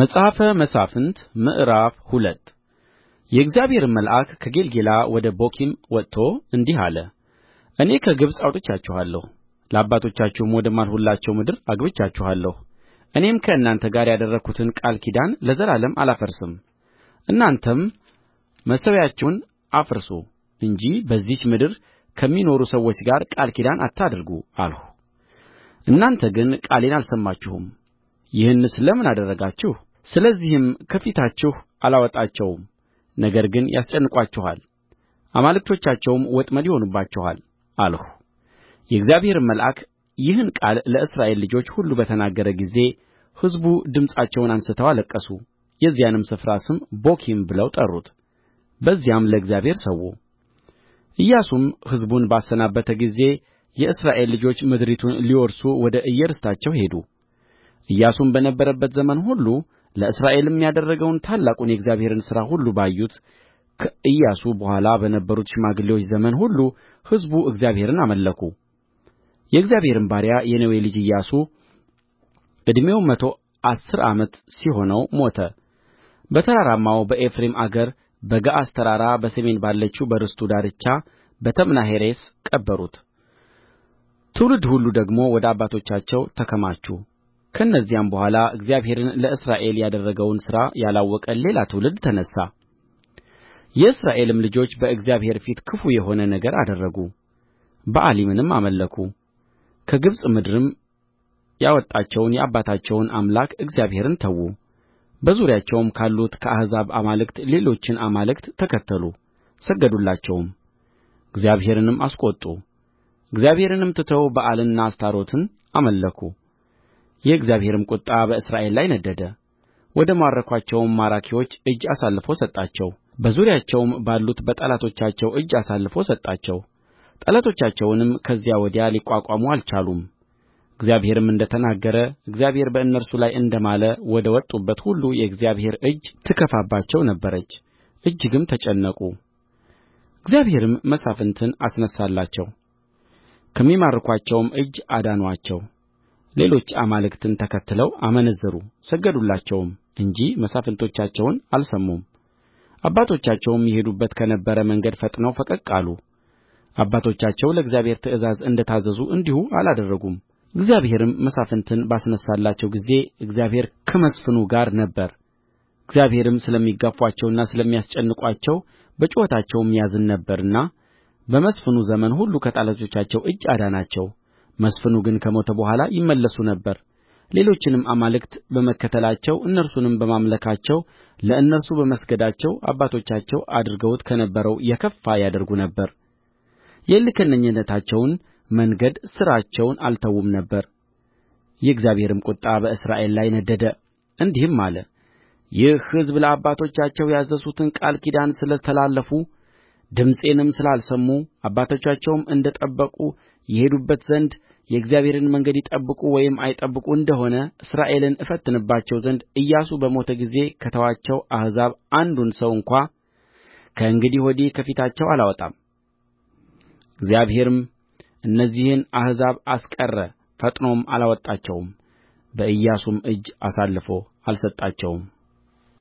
መጽሐፈ መሣፍንት ምዕራፍ ሁለት የእግዚአብሔርም መልአክ ከጌልገላ ወደ ቦኪም ወጥቶ እንዲህ አለ እኔ ከግብፅ አውጥቻችኋለሁ ለአባቶቻችሁም ወደ ማልሁላቸው ምድር አግብቻችኋለሁ እኔም ከእናንተ ጋር ያደረግሁትን ቃል ኪዳን ለዘላለም አላፈርስም እናንተም መሠዊያችሁን አፍርሱ እንጂ በዚህች ምድር ከሚኖሩ ሰዎች ጋር ቃል ኪዳን አታድርጉ አልሁ እናንተ ግን ቃሌን አልሰማችሁም ይህንስ ለምን አደረጋችሁ ስለዚህም ከፊታችሁ አላወጣቸውም ነገር ግን ያስጨንቋችኋል አማልክቶቻቸውም ወጥመድ ይሆኑባችኋል አልሁ የእግዚአብሔርም መልአክ ይህን ቃል ለእስራኤል ልጆች ሁሉ በተናገረ ጊዜ ሕዝቡ ድምፃቸውን አንሥተው አለቀሱ የዚያንም ስፍራ ስም ቦኪም ብለው ጠሩት በዚያም ለእግዚአብሔር ሠዉ ኢያሱም ሕዝቡን ባሰናበተ ጊዜ የእስራኤል ልጆች ምድሪቱን ሊወርሱ ወደ እየርስታቸው ሄዱ ኢያሱም በነበረበት ዘመን ሁሉ ለእስራኤልም ያደረገውን ታላቁን የእግዚአብሔርን ሥራ ሁሉ ባዩት ከኢያሱ በኋላ በነበሩት ሽማግሌዎች ዘመን ሁሉ ሕዝቡ እግዚአብሔርን አመለኩ የእግዚአብሔርም ባሪያ የነዌ ልጅ ኢያሱ ዕድሜው መቶ አሥር ዓመት ሲሆነው ሞተ በተራራማው በኤፍሬም አገር በገዓስ ተራራ በሰሜን ባለችው በርስቱ ዳርቻ በተምናሔሬስ ቀበሩት ትውልድ ሁሉ ደግሞ ወደ አባቶቻቸው ተከማቹ ከእነዚያም በኋላ እግዚአብሔርን ለእስራኤል ያደረገውን ሥራ ያላወቀ ሌላ ትውልድ ተነሣ የእስራኤልም ልጆች በእግዚአብሔር ፊት ክፉ የሆነ ነገር አደረጉ በኣሊምንም አመለኩ ከግብፅ ምድርም ያወጣቸውን የአባታቸውን አምላክ እግዚአብሔርን ተዉ በዙሪያቸውም ካሉት ከአሕዛብ አማልክት ሌሎችን አማልክት ተከተሉ ሰገዱላቸውም እግዚአብሔርንም አስቈጡ እግዚአብሔርንም ትተው በኣልንና አስታሮትን አመለኩ የእግዚአብሔርም ቍጣ በእስራኤል ላይ ነደደ ወደ ማረኩአቸውም ማራኪዎች እጅ አሳልፎ ሰጣቸው በዙሪያቸውም ባሉት በጠላቶቻቸው እጅ አሳልፎ ሰጣቸው ጠላቶቻቸውንም ከዚያ ወዲያ ሊቋቋሙ አልቻሉም እግዚአብሔርም እንደ ተናገረ እግዚአብሔር በእነርሱ ላይ እንደ ማለ ወደ ወጡበት ሁሉ የእግዚአብሔር እጅ ትከፋባቸው ነበረች እጅግም ተጨነቁ እግዚአብሔርም መሳፍንትን አስነሣላቸው ከሚማርኩአቸውም እጅ አዳኑአቸው ሌሎች አማልክትን ተከትለው አመነዘሩ ሰገዱላቸውም እንጂ መሳፍንቶቻቸውን አልሰሙም አባቶቻቸውም ይሄዱበት ከነበረ መንገድ ፈጥነው ፈቀቅ አሉ አባቶቻቸው ለእግዚአብሔር ትእዛዝ እንደ ታዘዙ እንዲሁ አላደረጉም እግዚአብሔርም መሳፍንትን ባስነሣላቸው ጊዜ እግዚአብሔር ከመስፍኑ ጋር ነበረ እግዚአብሔርም ስለሚጋፉአቸውና ስለሚያስጨንቋቸው በጩኸታቸውም ያዝን ነበርና በመስፍኑ ዘመን ሁሉ ከጠላቶቻቸው እጅ አዳናቸው መስፍኑ ግን ከሞተ በኋላ ይመለሱ ነበር ሌሎችንም አማልክት በመከተላቸው እነርሱንም በማምለካቸው ለእነርሱ በመስገዳቸው አባቶቻቸው አድርገውት ከነበረው የከፋ ያደርጉ ነበር የእልከኝነታቸውን መንገድ ሥራቸውን አልተዉም ነበር የእግዚአብሔርም ቍጣ በእስራኤል ላይ ነደደ እንዲህም አለ ይህ ሕዝብ ለአባቶቻቸው ያዘዝሁትን ቃል ኪዳን ስለ ተላለፉ ድምፄንም ስላልሰሙ አባቶቻቸውም እንደ ጠበቁ ይሄዱባት ዘንድ የእግዚአብሔርን መንገድ ይጠብቁ ወይም አይጠብቁ እንደ ሆነ እስራኤልን እፈትንባቸው ዘንድ ኢያሱ በሞተ ጊዜ ከተዋቸው አሕዛብ አንዱን ሰው እንኳ ከእንግዲህ ወዲህ ከፊታቸው አላወጣም። እግዚአብሔርም እነዚህን አሕዛብ አስቀረ፣ ፈጥኖም አላወጣቸውም፣ በኢያሱም እጅ አሳልፎ አልሰጣቸውም።